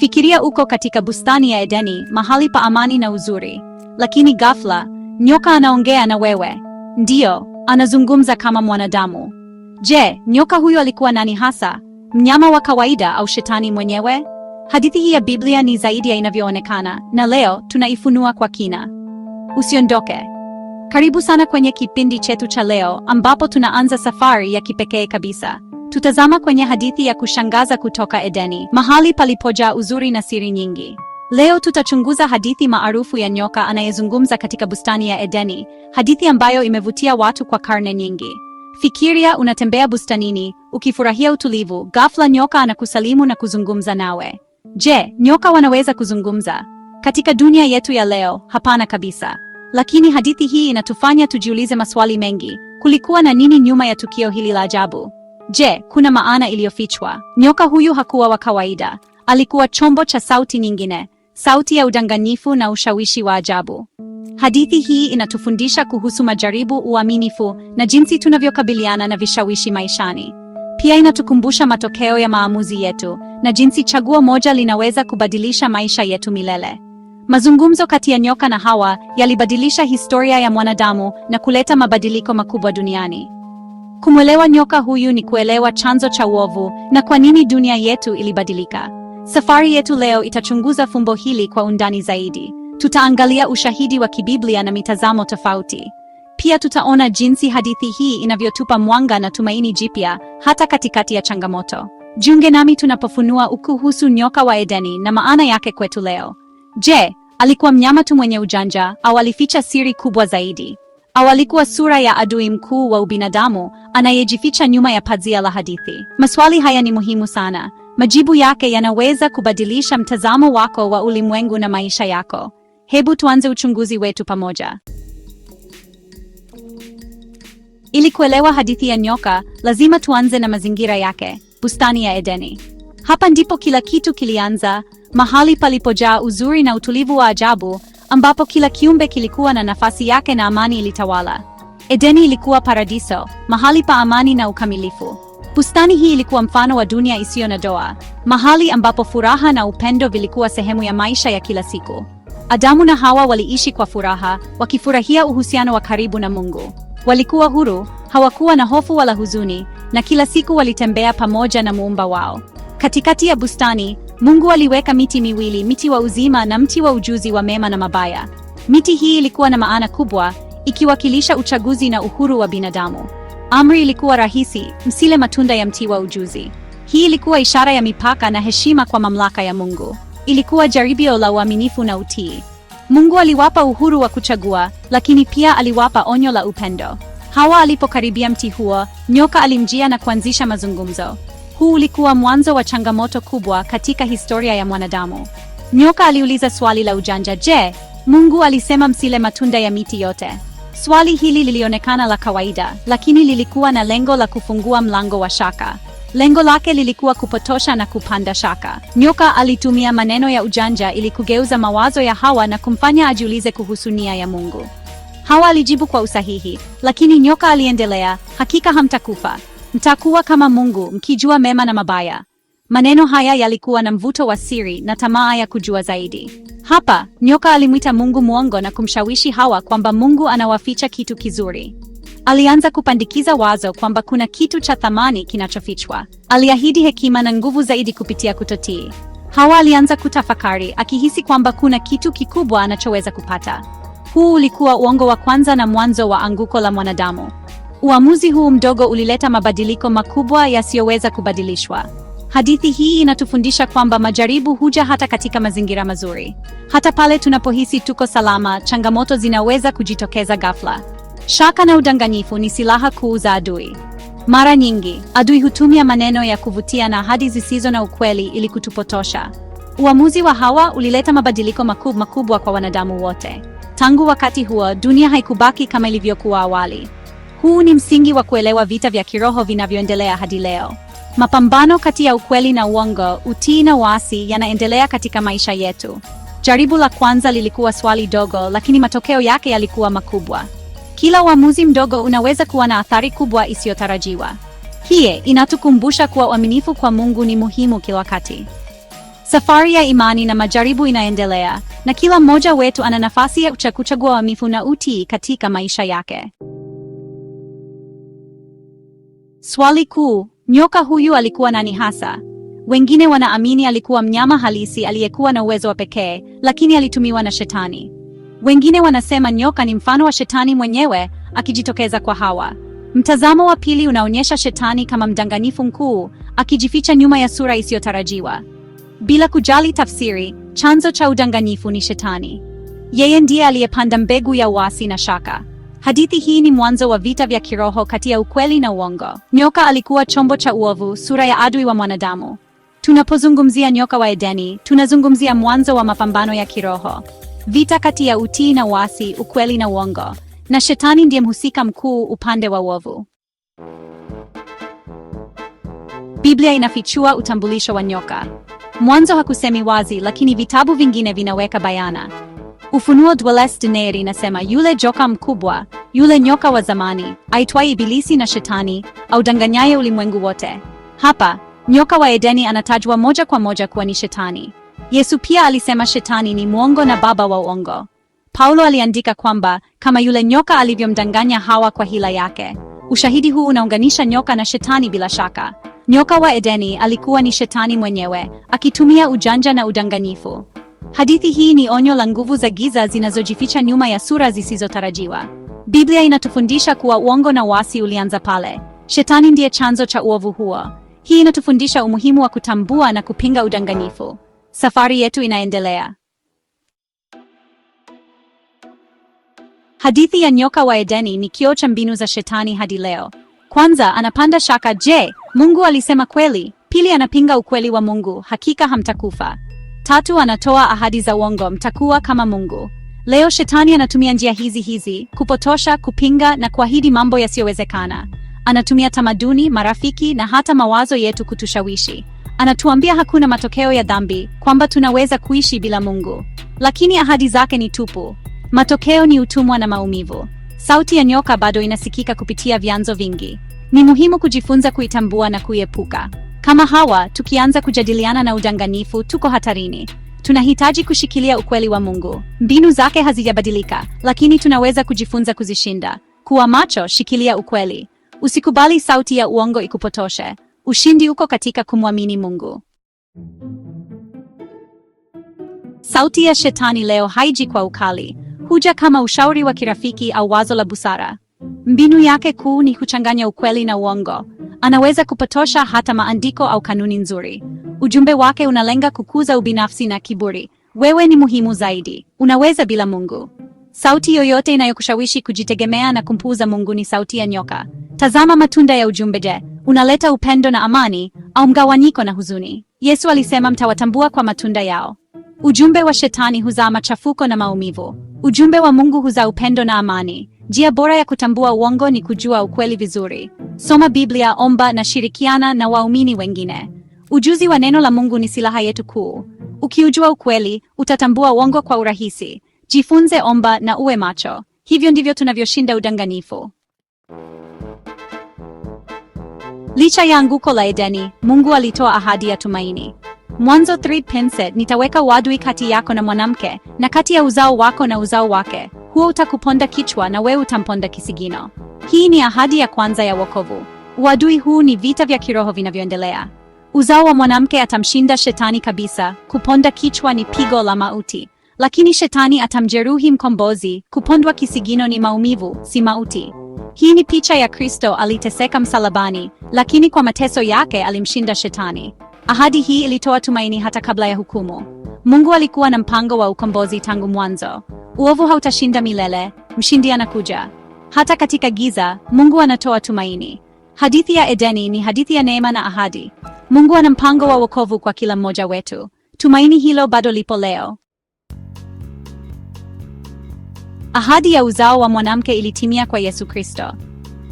Fikiria uko katika bustani ya Edeni, mahali pa amani na uzuri, lakini ghafla nyoka anaongea na wewe. Ndiyo, anazungumza kama mwanadamu. Je, nyoka huyo alikuwa nani hasa? Mnyama wa kawaida au shetani mwenyewe? Hadithi hii ya Biblia ni zaidi ya inavyoonekana, na leo tunaifunua kwa kina. Usiondoke. Karibu sana kwenye kipindi chetu cha leo ambapo tunaanza safari ya kipekee kabisa. Tutazama kwenye hadithi ya kushangaza kutoka Edeni, mahali palipojaa uzuri na siri nyingi. Leo tutachunguza hadithi maarufu ya nyoka anayezungumza katika bustani ya Edeni, hadithi ambayo imevutia watu kwa karne nyingi. Fikiria unatembea bustanini, ukifurahia utulivu, ghafla nyoka anakusalimu na kuzungumza nawe. Je, nyoka wanaweza kuzungumza? Katika dunia yetu ya leo, hapana kabisa. Lakini hadithi hii inatufanya tujiulize maswali mengi. Kulikuwa na nini nyuma ya tukio hili la ajabu? Je, kuna maana iliyofichwa? Nyoka huyu hakuwa wa kawaida. Alikuwa chombo cha sauti nyingine, sauti ya udanganyifu na ushawishi wa ajabu. Hadithi hii inatufundisha kuhusu majaribu, uaminifu na jinsi tunavyokabiliana na vishawishi maishani. Pia inatukumbusha matokeo ya maamuzi yetu na jinsi chaguo moja linaweza kubadilisha maisha yetu milele. Mazungumzo kati ya nyoka na Hawa yalibadilisha historia ya mwanadamu na kuleta mabadiliko makubwa duniani. Kumwelewa nyoka huyu ni kuelewa chanzo cha uovu na kwa nini dunia yetu ilibadilika. Safari yetu leo itachunguza fumbo hili kwa undani zaidi. Tutaangalia ushahidi wa kibiblia na mitazamo tofauti. Pia tutaona jinsi hadithi hii inavyotupa mwanga na tumaini jipya hata katikati ya changamoto. Jiunge nami tunapofunua ukuhusu nyoka wa Edeni na maana yake kwetu leo. Je, alikuwa mnyama tu mwenye ujanja au alificha siri kubwa zaidi? Awalikuwa sura ya adui mkuu wa ubinadamu anayejificha nyuma ya pazia la hadithi. Maswali haya ni muhimu sana. Majibu yake yanaweza kubadilisha mtazamo wako wa ulimwengu na maisha yako. Hebu tuanze uchunguzi wetu pamoja. Ili kuelewa hadithi ya nyoka, lazima tuanze na mazingira yake, bustani ya Edeni. Hapa ndipo kila kitu kilianza, mahali palipojaa uzuri na utulivu wa ajabu ambapo kila kiumbe kilikuwa na nafasi yake na amani ilitawala. Edeni ilikuwa paradiso, mahali pa amani na ukamilifu. Bustani hii ilikuwa mfano wa dunia isiyo na doa, mahali ambapo furaha na upendo vilikuwa sehemu ya maisha ya kila siku. Adamu na Hawa waliishi kwa furaha, wakifurahia uhusiano wa karibu na Mungu. Walikuwa huru, hawakuwa na hofu wala huzuni, na kila siku walitembea pamoja na muumba wao. Katikati ya bustani, Mungu aliweka miti miwili, mti wa uzima na mti wa ujuzi wa mema na mabaya. Miti hii ilikuwa na maana kubwa, ikiwakilisha uchaguzi na uhuru wa binadamu. Amri ilikuwa rahisi, msile matunda ya mti wa ujuzi. Hii ilikuwa ishara ya mipaka na heshima kwa mamlaka ya Mungu. Ilikuwa jaribio la uaminifu na utii. Mungu aliwapa uhuru wa kuchagua, lakini pia aliwapa onyo la upendo. Hawa alipokaribia mti huo, nyoka alimjia na kuanzisha mazungumzo. Huu ulikuwa mwanzo wa changamoto kubwa katika historia ya mwanadamu. Nyoka aliuliza swali la ujanja, je, Mungu alisema msile matunda ya miti yote? Swali hili lilionekana la kawaida, lakini lilikuwa na lengo la kufungua mlango wa shaka. Lengo lake lilikuwa kupotosha na kupanda shaka. Nyoka alitumia maneno ya ujanja ili kugeuza mawazo ya Hawa na kumfanya ajiulize kuhusu nia ya Mungu. Hawa alijibu kwa usahihi, lakini nyoka aliendelea, hakika hamtakufa. Mtakuwa kama Mungu mkijua mema na mabaya. Maneno haya yalikuwa na mvuto wa siri na tamaa ya kujua zaidi. Hapa nyoka alimwita Mungu mwongo na kumshawishi Hawa kwamba Mungu anawaficha kitu kizuri. Alianza kupandikiza wazo kwamba kuna kitu cha thamani kinachofichwa. Aliahidi hekima na nguvu zaidi kupitia kutotii. Hawa alianza kutafakari akihisi kwamba kuna kitu kikubwa anachoweza kupata. Huu ulikuwa uongo wa kwanza na mwanzo wa anguko la mwanadamu. Uamuzi huu mdogo ulileta mabadiliko makubwa yasiyoweza kubadilishwa. Hadithi hii inatufundisha kwamba majaribu huja hata katika mazingira mazuri. Hata pale tunapohisi tuko salama, changamoto zinaweza kujitokeza ghafla. Shaka na udanganyifu ni silaha kuu za adui. Mara nyingi adui hutumia maneno ya kuvutia na ahadi zisizo na ukweli ili kutupotosha. Uamuzi wa Hawa ulileta mabadiliko makubwa makubwa kwa wanadamu wote. Tangu wakati huo, dunia haikubaki kama ilivyokuwa awali. Huu ni msingi wa kuelewa vita vya kiroho vinavyoendelea hadi leo. Mapambano kati ya ukweli na uongo, utii na uasi yanaendelea katika maisha yetu. Jaribu la kwanza lilikuwa swali dogo, lakini matokeo yake yalikuwa makubwa. Kila uamuzi mdogo unaweza kuwa na athari kubwa isiyotarajiwa. Hii inatukumbusha kuwa uaminifu kwa Mungu ni muhimu kila wakati. Safari ya imani na majaribu inaendelea, na kila mmoja wetu ana nafasi ya kuchagua uaminifu na utii katika maisha yake. Swali kuu, nyoka huyu alikuwa nani hasa? Wengine wanaamini alikuwa mnyama halisi aliyekuwa na uwezo wa pekee, lakini alitumiwa na shetani. Wengine wanasema nyoka ni mfano wa shetani mwenyewe akijitokeza kwa Hawa. Mtazamo wa pili unaonyesha shetani kama mdanganyifu mkuu akijificha nyuma ya sura isiyotarajiwa. Bila kujali tafsiri, chanzo cha udanganyifu ni shetani. Yeye ndiye aliyepanda mbegu ya uasi na shaka. Hadithi hii ni mwanzo wa vita vya kiroho kati ya ukweli na uongo. Nyoka alikuwa chombo cha uovu, sura ya adui wa mwanadamu. Tunapozungumzia nyoka wa Edeni, tunazungumzia mwanzo wa mapambano ya kiroho, vita kati ya utii na uasi, ukweli na uongo, na shetani ndiye mhusika mkuu upande wa uovu. Biblia inafichua utambulisho wa nyoka. Mwanzo hakusemi wazi, lakini vitabu vingine vinaweka bayana. Ufunuo 12:4 inasema yule joka mkubwa, yule nyoka wa zamani, aitwaye Ibilisi na Shetani, audanganyaye ulimwengu wote. Hapa nyoka wa Edeni anatajwa moja kwa moja kuwa ni Shetani. Yesu pia alisema Shetani ni mwongo na baba wa uongo. Paulo aliandika kwamba kama yule nyoka alivyomdanganya Hawa kwa hila yake. Ushahidi huu unaunganisha nyoka na Shetani bila shaka. Nyoka wa Edeni alikuwa ni Shetani mwenyewe, akitumia ujanja na udanganyifu. Hadithi hii ni onyo la nguvu za giza zinazojificha nyuma ya sura zisizotarajiwa. Biblia inatufundisha kuwa uongo na uasi ulianza pale. Shetani ndiye chanzo cha uovu huo. Hii inatufundisha umuhimu wa kutambua na kupinga udanganyifu. Safari yetu inaendelea. Hadithi ya nyoka wa Edeni ni kioo cha mbinu za shetani hadi leo. Kwanza, anapanda shaka. Je, Mungu alisema kweli? Pili, anapinga ukweli wa Mungu, hakika hamtakufa. Tatu, anatoa ahadi za uongo, mtakuwa kama Mungu. Leo shetani anatumia njia hizi hizi kupotosha, kupinga na kuahidi mambo yasiyowezekana. Anatumia tamaduni, marafiki na hata mawazo yetu kutushawishi. Anatuambia hakuna matokeo ya dhambi, kwamba tunaweza kuishi bila Mungu, lakini ahadi zake ni tupu. Matokeo ni utumwa na maumivu. Sauti ya nyoka bado inasikika kupitia vyanzo vingi. Ni muhimu kujifunza kuitambua na kuiepuka. Kama hawa tukianza kujadiliana na udanganifu, tuko hatarini. Tunahitaji kushikilia ukweli wa Mungu. Mbinu zake hazijabadilika, lakini tunaweza kujifunza kuzishinda. Kuwa macho, shikilia ukweli. Usikubali sauti ya uongo ikupotoshe. Ushindi uko katika kumwamini Mungu. Sauti ya shetani leo haiji kwa ukali, huja kama ushauri wa kirafiki au wazo la busara. Mbinu yake kuu ni kuchanganya ukweli na uongo, Anaweza kupotosha hata maandiko au kanuni nzuri. Ujumbe wake unalenga kukuza ubinafsi na kiburi. Wewe ni muhimu zaidi, unaweza bila Mungu. Sauti yoyote inayokushawishi kujitegemea na kumpuuza Mungu ni sauti ya nyoka. Tazama matunda ya ujumbe. Je, unaleta upendo na amani au mgawanyiko na huzuni? Yesu alisema mtawatambua kwa matunda yao. Ujumbe wa shetani huzaa machafuko na maumivu. Ujumbe wa Mungu huzaa upendo na amani. Njia bora ya kutambua uongo ni kujua ukweli vizuri soma Biblia, omba na shirikiana na waumini wengine. Ujuzi wa neno la Mungu ni silaha yetu kuu. Ukiujua ukweli, utatambua uongo kwa urahisi. Jifunze, omba na uwe macho. Hivyo ndivyo tunavyoshinda udanganifu. Licha ya anguko la Edeni, Mungu alitoa ahadi ya tumaini. Mwanzo 3:7 nitaweka wadui kati yako na mwanamke na kati ya uzao wako na uzao wake, huo utakuponda kichwa na wewe utamponda kisigino. Hii ni ahadi ya kwanza ya wokovu. Uadui huu ni vita vya kiroho vinavyoendelea. Uzao wa mwanamke atamshinda shetani kabisa, kuponda kichwa ni pigo la mauti, lakini shetani atamjeruhi mkombozi, kupondwa kisigino ni maumivu, si mauti. Hii ni picha ya Kristo aliteseka msalabani, lakini kwa mateso yake alimshinda shetani. Ahadi hii ilitoa tumaini hata kabla ya hukumu. Mungu alikuwa na mpango wa ukombozi tangu mwanzo. Uovu hautashinda milele, mshindi anakuja. Hata katika giza, Mungu anatoa tumaini. Hadithi ya Edeni ni hadithi ya neema na ahadi. Mungu ana mpango wa wokovu kwa kila mmoja wetu. Tumaini hilo bado lipo leo. Ahadi ya uzao wa mwanamke ilitimia kwa Yesu Kristo.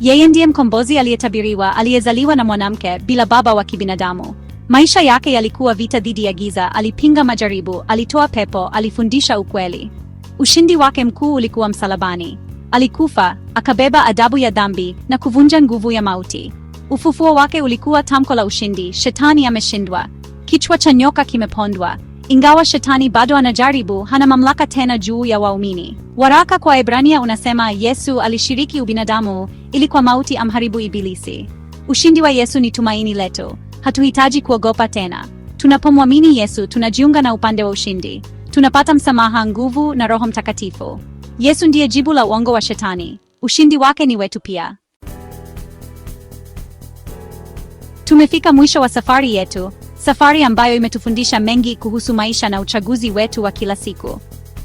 Yeye ndiye mkombozi aliyetabiriwa, aliyezaliwa na mwanamke bila baba wa kibinadamu. Maisha yake yalikuwa vita dhidi ya giza, alipinga majaribu, alitoa pepo, alifundisha ukweli. Ushindi wake mkuu ulikuwa msalabani. Alikufa, akabeba adabu ya dhambi na kuvunja nguvu ya mauti. Ufufuo wake ulikuwa tamko la ushindi: shetani ameshindwa, kichwa cha nyoka kimepondwa. Ingawa shetani bado anajaribu, hana mamlaka tena juu ya waumini. Waraka kwa Ebrania unasema Yesu alishiriki ubinadamu ili kwa mauti amharibu Ibilisi. Ushindi wa Yesu ni tumaini letu. Hatuhitaji kuogopa tena. Tunapomwamini Yesu, tunajiunga na upande wa ushindi. Tunapata msamaha, nguvu na Roho Mtakatifu. Yesu ndiye jibu la uongo wa Shetani. Ushindi wake ni wetu pia. Tumefika mwisho wa safari yetu, safari ambayo imetufundisha mengi kuhusu maisha na uchaguzi wetu wa kila siku.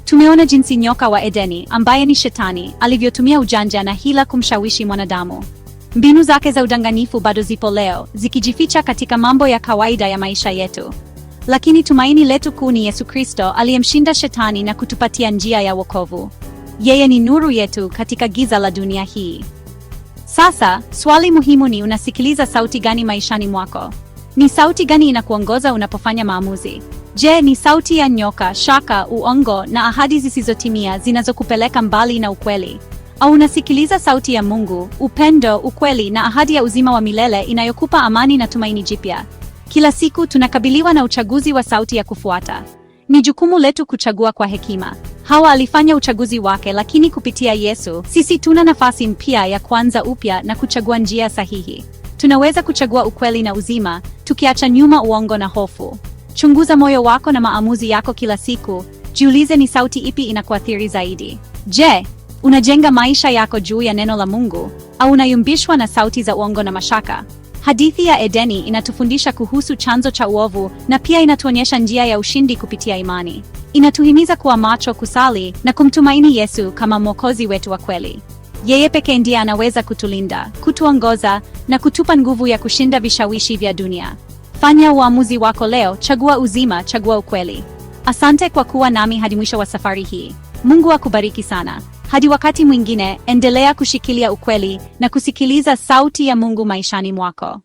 Tumeona jinsi nyoka wa Edeni ambaye ni Shetani alivyotumia ujanja na hila kumshawishi mwanadamu. Mbinu zake za udanganyifu bado zipo leo, zikijificha katika mambo ya kawaida ya maisha yetu. Lakini tumaini letu kuu ni Yesu Kristo aliyemshinda Shetani na kutupatia njia ya wokovu. Yeye ni nuru yetu katika giza la dunia hii. Sasa, swali muhimu ni unasikiliza sauti gani maishani mwako? Ni sauti gani inakuongoza unapofanya maamuzi? Je, ni sauti ya nyoka, shaka, uongo na ahadi zisizotimia zinazokupeleka mbali na ukweli? Au unasikiliza sauti ya Mungu, upendo, ukweli na ahadi ya uzima wa milele inayokupa amani na tumaini jipya? Kila siku tunakabiliwa na uchaguzi wa sauti ya kufuata. Ni jukumu letu kuchagua kwa hekima. Hawa alifanya uchaguzi wake, lakini kupitia Yesu sisi tuna nafasi mpya ya kuanza upya na kuchagua njia sahihi. Tunaweza kuchagua ukweli na uzima, tukiacha nyuma uongo na hofu. Chunguza moyo wako na maamuzi yako kila siku. Jiulize, ni sauti ipi inakuathiri zaidi? Je, unajenga maisha yako juu ya neno la Mungu au unayumbishwa na sauti za uongo na mashaka? Hadithi ya Edeni inatufundisha kuhusu chanzo cha uovu na pia inatuonyesha njia ya ushindi kupitia imani inatuhimiza kuwa macho, kusali na kumtumaini Yesu kama mwokozi wetu wa kweli. Yeye pekee ndiye anaweza kutulinda, kutuongoza na kutupa nguvu ya kushinda vishawishi vya dunia. Fanya uamuzi wako leo, chagua uzima, chagua ukweli. Asante kwa kuwa nami hadi mwisho wa safari hii. Mungu akubariki sana. Hadi wakati mwingine, endelea kushikilia ukweli na kusikiliza sauti ya Mungu maishani mwako.